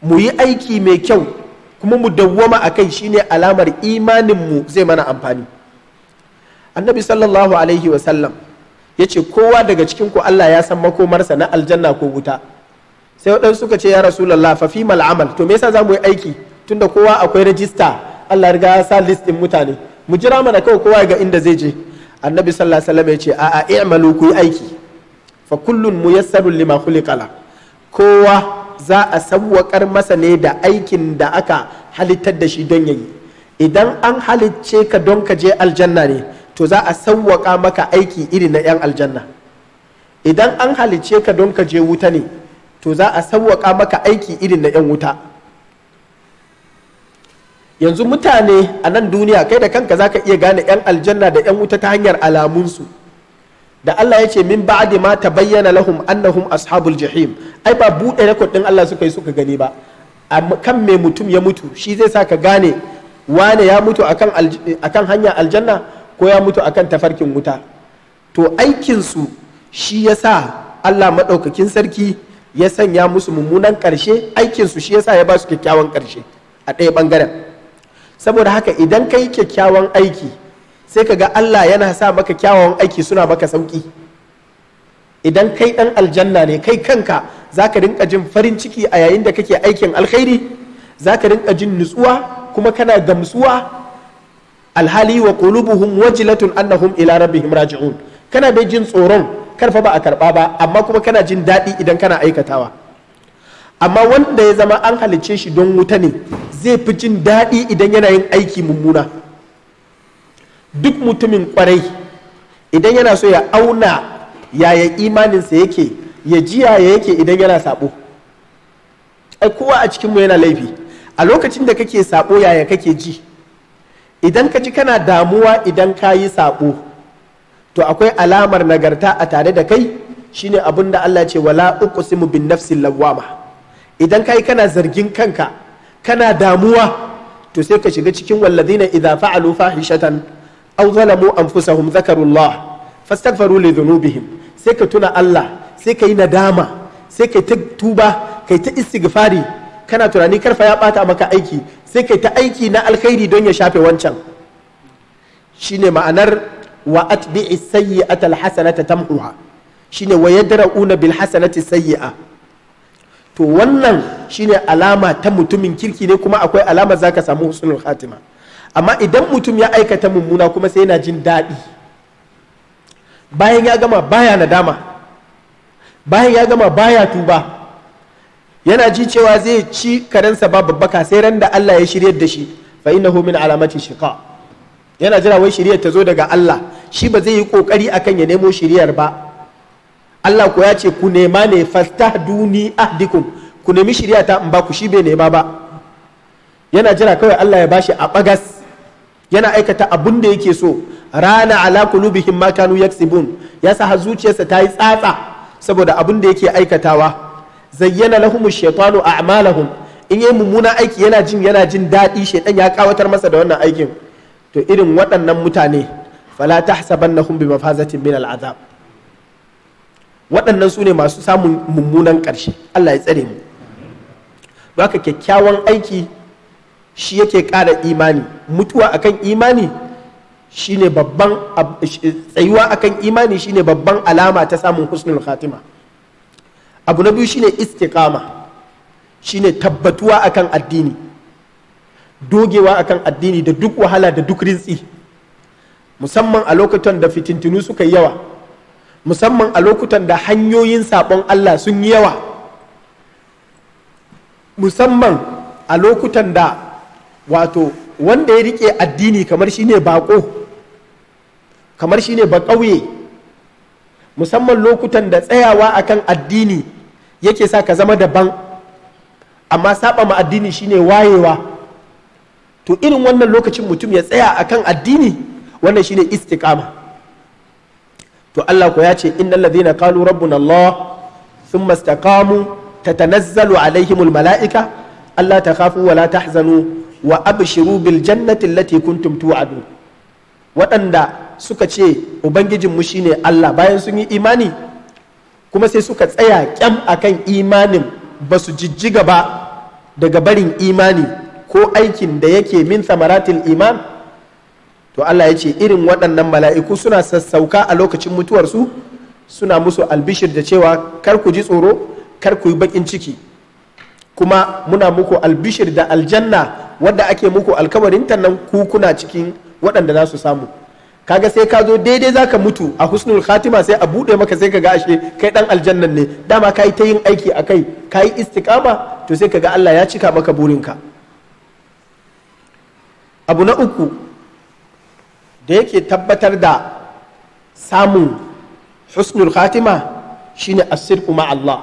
mu yi aiki mai kyau kuma mu dawwama a kai shine alamar imaninmu zai mana amfani annabi sallallahu alaihi wasallam ya ce kowa daga cikinku Allah ya san makomarsa na aljanna ko wuta sai waɗansu suka ce ya rasulallah fa fi amal to me yasa za mu yi aiki tunda kowa akwai rajista Allah riga ya sa list ɗin mutane mu jira mana kawai kowa ga inda zai je annabi sallallahu alaihi wasallam ya ce a'a i'malu ku yi aiki fa kullun muyassarun lima khuliqala kowa za a sawwakar masa ne da aikin da aka halittar da shi don yayi idan an halicce ka don ka je aljanna ne to za a sawwaka maka aiki iri na 'yan aljanna idan an halicce ka don ka je wuta ne to za a sawwaka maka aiki iri na 'yan wuta yanzu mutane a nan duniya kai da kanka zaka iya gane 'yan aljanna da 'yan wuta ta hanyar alamunsu da Allah ya ce min ba'di ma ta bayyana lahum annahum ashabul jahim ai ba buɗe rekod ɗin Allah suka yi suka gani ba kan me mutum ya mutu shi zai sa ka gane wane ya mutu akan akan hanya aljanna ko ya mutu akan tafarkin wuta to aikinsu shi ya sa Allah maɗaukakin sarki ya sanya musu mummunan ƙarshe su shi ya sa ya ba su kyakkyawan ƙarshe a ɗaya ɓangaren saboda haka idan ka yi kyakkyawan aiki sai ka ga Allah yana sa maka kyawawan aiki suna maka sauƙi idan kai ɗan aljanna ne kai kanka za ka rinka jin farin ciki a yayin da kake aikin alkhairi za ka rinka jin nutsuwa kuma kana gamsuwa alhali wa qulubuhum wajilatun annahum ila rabbihim raji'un kana dai jin tsoron karfa ba a karba ba amma kuma kana jin daɗi idan kana aikatawa amma wanda ya zama an halice shi don wuta ne zai fi jin daɗi idan yana yin aiki mummuna duk mutumin kwarai idan yana so ya auna yaya imaninsa yake ya jiya ya yake idan yana sabo ai kowa a cikinmu yana laifi a lokacin da kake sabo yaya kake ji idan ka ji kana damuwa idan ka yi sabo to akwai alamar nagarta a tare da kai shine abin da Allah ce wala uqsimu bin nafsin lawama. idan kai kana zargin kanka kana damuwa to sai ka shiga cikin walladina idza fa'alu fahishatan aw zalamu anfusahum zakarullah fastaghfiru li dhunubihim sai ka tuna Allah sai ka yi nadama sai ka ta tuba kai ta istighfari kana tunani karfa ya bata maka aiki sai kai ta aiki na alkhairi don ya shafe wancan shine ma'anar wa atbi'i sayyi'ata alhasanata tamhuha shine wa yadra'una bil hasanati sayyi'a to wannan shine alama ta mutumin kirki ne kuma akwai alama za ka samu husnul khatima amma idan mutum ya aikata mummuna kuma sai yana jin daɗi bayan ya gama baya nadama bayan ya gama baya tuba yana ji cewa zai ci karensa ba babbaka sai ran da Allah ya shirya da shi fa innahu min alamati shiqa yana jira wai shiryar ta zo daga Allah shi ba zai yi kokari akan ya nemo shiryar ba Allah ko ya ce ku nema ne duni ahdikum ku nemi shirya ta in ba ku shi bai nema ba yana jira kawai Allah ya bashi a bagas yana aikata abun da yake so rana ala kulubihim ma kanu yaksibun ya sa zuciyarsa ta yi tsatsa saboda abun da yake aikatawa zayyana lahum shaytanu a'malahum in yi mummuna aiki yana jin yana jin daɗi shaytan ya kawatar masa da wannan aikin to irin waɗannan mutane fala tahsabannahum bi mafazatin min al'azab waɗannan su ne masu samun mummunan ƙarshe Allah ya tsare mu Ba ka kyakkyawan aiki shi yake ƙara imani mutuwa akan imani shine babban tsayuwa akan imani shine babban alama ta samun husnul khatima abu na biyu shine istiqama shine tabbatuwa akan addini dogewa akan addini da duk wahala da duk rintsi musamman a lokutan da fitintunu suka yi yawa musamman a lokutan da hanyoyin saɓon Allah sun yi yawa musamman a lokutan da wato wanda ya rike addini kamar shine bako kamar shine bakauye musamman lokutan da tsayawa akan addini yake sa ka zama daban amma saba ma addini shine wayewa to irin wannan lokacin mutum ya tsaya akan addini wannan shine istiqama to Allah ko ya ce innal ladhina qalu rabbuna Allah thumma istaqamu tatanazzalu alaihimul malaika Allah takhafu wa la tahzanu wa abshiru bil jannati allati kuntum tu'adu waɗanda suka ce Ubangijin mu shine Allah bayan sun yi imani kuma sai suka tsaya kyam akan imanin ba su jijjiga ba daga barin imani ko aikin da yake min samaratil iman to Allah ya ce irin waɗannan mala'iku suna sassauka a lokacin mutuwarsu suna musu albishir da cewa kar ku ji tsoro kar ku yi baƙin ciki kuma muna muku albishir da aljanna wadda ake muku alkawarin nan ku kuna cikin waɗanda za su samu kaga sai ka zo daidai za ka mutu a husnul khatima sai a buɗe maka sai ka ga ashe kai ɗan aljannan ne dama ka yi ta yin aiki a kai ka yi istiƙama to sai ka ga Allah ya cika maka burinka abu na uku da yake tabbatar da samun husnul khatima shine asirku ma Allah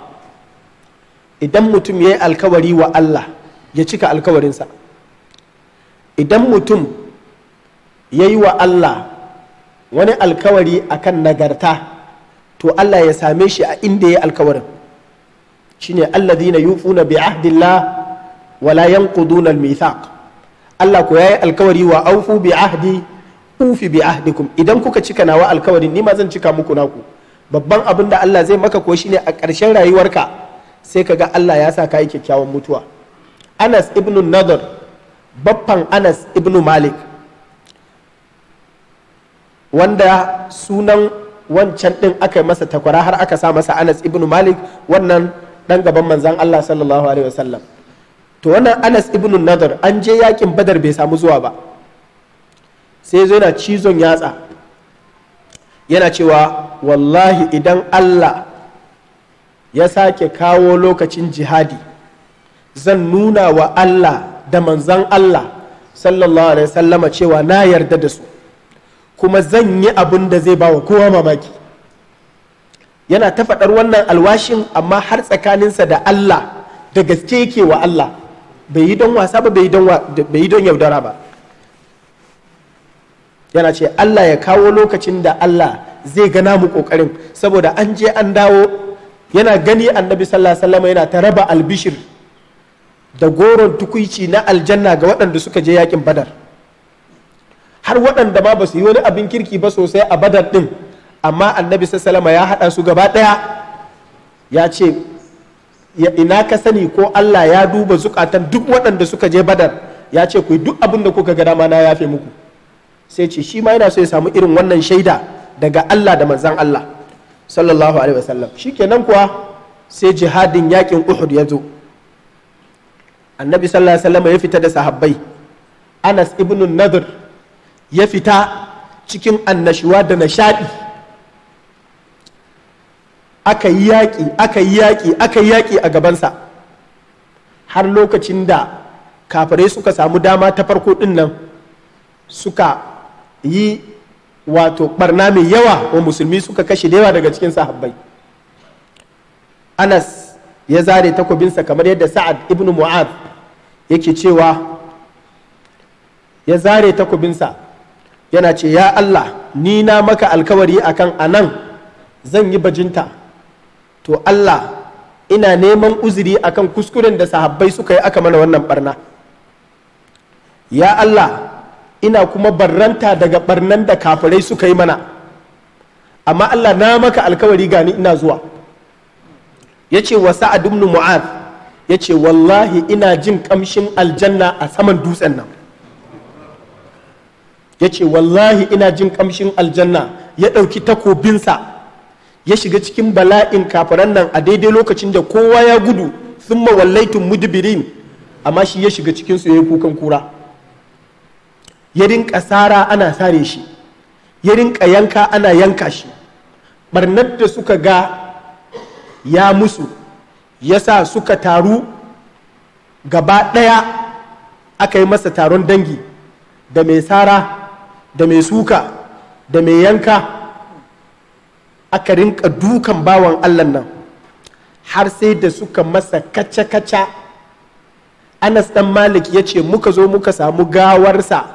idan mutum ya yi alkawari wa Allah ya cika alkawarinsa idan mutum ya yi wa Allah wani alkawari akan nagarta to Allah ya same shi a inda ya yi alkawarin shine alladhina yufuna bi ahdillah wala yanquduna al-mithaq Allah ko yayi alkawari wa aufu bi ahdi ufi bi ahdikum idan kuka cika nawa alkawarin ni ma zan cika muku naku babban abin da Allah zai maka ko shine a ƙarshen rayuwarka sai ka ga Allah ya sa ka yi kyakkyawan mutuwa Anas ibn Nadar baffan Anas ibn Malik wanda sunan wancan din aka masa takwara har aka sa masa Anas ibn Malik wannan dan gaban manzon Allah sallallahu alaihi wasallam to wannan Anas ibn Nadar an je yakin Badar bai samu zuwa ba sai zo yana cizon yatsa yana cewa wallahi idan Allah ya sake kawo lokacin jihadi zan nuna wa Allah da manzan Allah sallallahu alaihi sallama cewa na yarda da su kuma zan yi abin da zai ba wa kowa mamaki yana ta faɗar wannan alwashin amma har tsakaninsa da Allah da gaske yake wa Allah bai yi don wasa ba bai yi don yaudara ba yana ce Allah ya kawo lokacin da Allah zai gana mu kokarin saboda an je an dawo yana gani annabi sallallahu alaihi wasallam yana ta raba albishir da goron tukuici na aljanna ga waɗanda suka je yakin badar har waɗanda ma ba su yi wani abin kirki ba sosai a badar ɗin amma annabi sallama ya haɗa su gaba ɗaya ya ce ya ina ka sani ko Allah ya duba zukatan duk waɗanda suka je badar ya ce ku duk abin da kuka ga dama na yafe muku sai ce shi ma yana so ya samu irin wannan shaida daga Allah da manzan Allah sallallahu alaihi wasallam shikenan kuwa sai jihadin yakin Uhud ya zo annabi sallallahu alaihi wasallam ya fita da sahabbai Anas ibn Nadir ya fita cikin annashuwa da nashadi aka yi yaƙi aka yi yaƙi aka yi yaƙi a gabansa har lokacin da kafirai suka samu dama ta farko ɗin nan suka yi wato barna mai yawa wa musulmi suka kashe da yawa daga cikin sahabbai anas ya zare takobinsa kamar yadda sa'ad ibn mu'ad yake cewa ya zare takobinsa yana ce ya allah ni na maka alkawari akan anan zan yi bajinta to allah ina neman uzuri akan kuskuren da sahabbai suka yi aka mana wannan barna ya allah ina kuma barranta daga barnan da kafirai suka yi mana amma Allah na maka alkawari gani ina zuwa ya ce wa sa'adun ibn mu'ad ya ce wallahi ina jin kamshin aljanna a saman dutsen nan ya ce wallahi ina jin kamshin aljanna ya ɗauki takobinsa ya shiga cikin bala'in kafiran nan a daidai lokacin da kowa ya gudu sun mawallaitun mudbirin amma shi ya shiga cikinsu ya yi kukan kura ya kasara sara ana sare shi ya rinka yanka ana yanka shi barnar da suka ga ya musu ya sa suka taru gaba ɗaya aka yi masa taron dangi da mai sara da mai suka da mai yanka aka rinka dukan bawan allah nan har sai da suka masa kaca-kaca anas dan malik ya ce muka zo muka samu gawarsa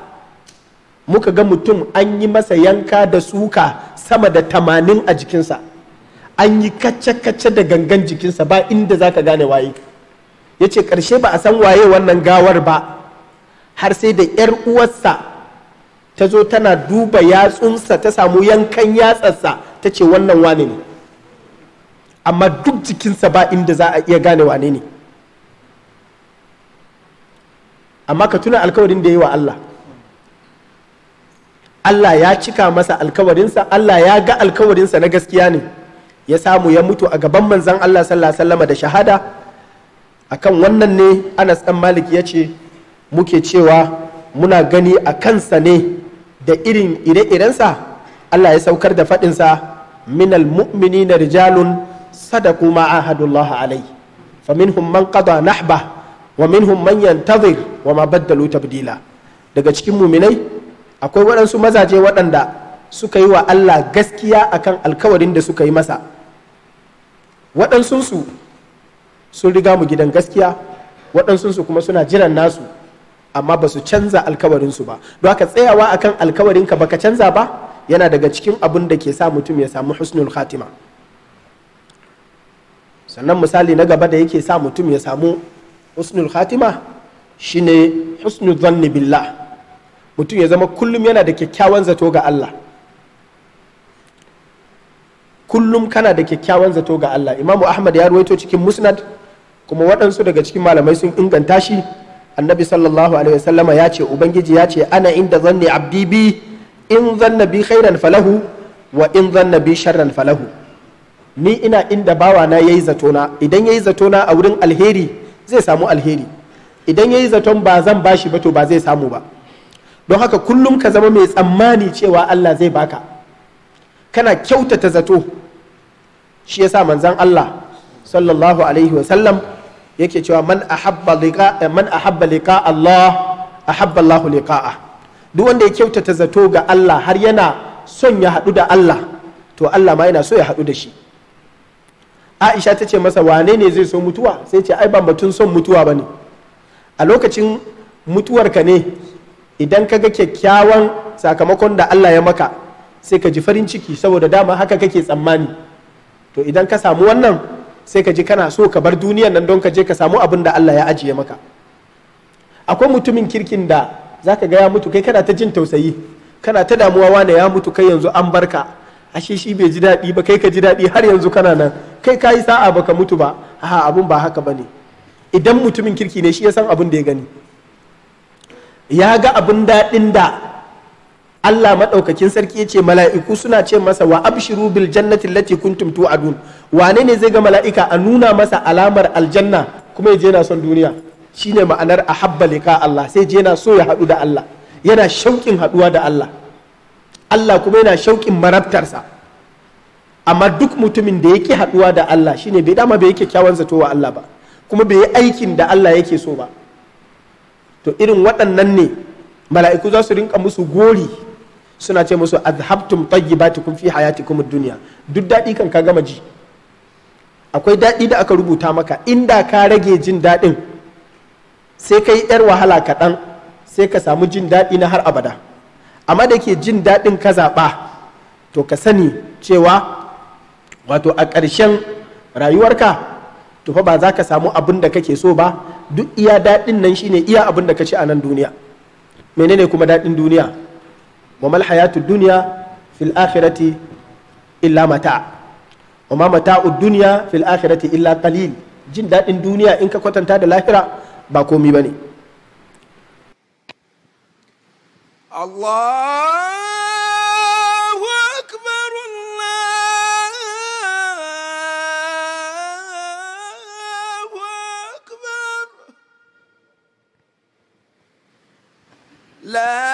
muka ga mutum an yi masa yanka da suka sama da tamanin a jikinsa an yi kace kacce da gangan jikinsa ba inda za ka gane waye ya ce ƙarshe ba a san waye wannan gawar ba har sai da 'yar uwarsa ta zo tana duba yatsunsa ta samu yankan yatsarsa ta ce wannan wane ne amma duk jikinsa ba inda za a iya gane wane ne amma ka tuna alkawarin da ya yi wa Allah Allah ya cika masa alkawarinsa Allah ya ga alkawarinsa na gaskiya ne ya samu ya mutu a gaban manzan Allah sallallahu da shahada akan wannan ne Anas dan Malik ya ce muke cewa muna gani a kansa ne da irin ire-irensa Allah ya saukar da faɗinsa minal na rijalun sadaku ma ahadullah alai minhum man qada nahba wa minhum man yantazir wa ma baddalu tabdila daga cikin muminai akwai waɗansu mazaje waɗanda suka yi wa Allah gaskiya akan alkawarin da suka yi masa waɗansunsu sun riga mu gidan gaskiya waɗansunsu kuma suna jiran nasu amma ba su canza alkawarinsu ba don haka tsayawa akan alkawarinka baka canza ba yana daga cikin abin da ke sa mutum ya samu husnul khatima sannan misali na gaba da yake sa mutum ya samu husnul khatima shine husnul zanni billah mutum ya zama kullum yana da kyakkyawan zato ga Allah kullum kana da kyakkyawan zato ga Allah imamu ahmad ya ruwaito cikin musnad kuma waɗansu daga cikin malamai sun inganta shi annabi sallallahu alaihi wasallama ya ce ubangiji ya ce ana inda zanne abdi bi in zanna bi khairan falahu wa in zanna bi sharran falahu ni ina inda bawa na yayi zato na idan yayi zato na a wurin alheri zai samu alheri idan yayi zaton ba zan bashi ba to ba zai samu ba don haka kullum ka zama mai tsammani cewa Allah zai baka kana kyautata zato shi ya yasa manzon Allah sallallahu alaihi wa yake cewa man ahabba liqa man ahabba liqa Allah Allah liƙa'a. duk wanda ya kyautata zato ga Allah har yana son ya haɗu da Allah to Allah ma yana so ya haɗu da shi Aisha ta ce masa wane ne zai so mutuwa sai ce ai ban batun son mutuwa ba ne. a lokacin mutuwarka ne idan ka ga kyakkyawan sakamakon da Allah ya maka sai ka ji farin ciki saboda dama haka kake tsammani to idan ka samu wannan sai ka ji kana so ka bar duniyan nan don ka je ka samu abin da Allah ya ajiye maka akwai mutumin kirkin da za ka ga ya mutu kai kana ta jin tausayi kana ta damuwa wane ya mutu kai yanzu an barka ashe shi bai ji daɗi ba kai ka ji daɗi har yanzu kana nan kai ka yi sa'a baka mutu ba a abun ba haka bane idan mutumin kirki ne shi ya san abin da ya gani ya ga abin daɗin da Allah maɗaukakin sarki ya ce mala'iku suna ce masa wa abshiru bil jannati lati kuntum tu'adun wane ne zai ga mala'ika a nuna masa alamar aljanna kuma ya je na son duniya shine ma'anar ahabba liqa Allah sai je na so ya haɗu da Allah yana shauƙin haɗuwa da Allah Allah kuma yana shauƙin marabtarsa amma duk mutumin da yake haɗuwa da Allah shine bai dama bai yake kyakkyawan zato wa Allah ba kuma bai yi aikin da Allah yake so ba to irin waɗannan ne mala'iku za su rinka musu gori suna ce musu adhabtum tayyibatikum fi hayatikum ad-dunya duk daɗi kan ka gama ji akwai daɗi da aka rubuta maka inda ka rage jin daɗin sai ka yi yar wahala kaɗan sai ka samu jin daɗi na har abada amma da ke jin daɗin ka zaɓa to ka sani cewa wato a ƙarshen rayuwarka to fa ba za ka samu abin da kake so ba duk iya daɗin nan shine iya abin da ka ci a nan duniya menene kuma daɗin duniya wa mal hayatud duniya fil akhirati illa mata wa ma mata'ud dunya fil akhirati illa qalil jin daɗin duniya in ka kwatanta da lahira ba komi bane Allah love.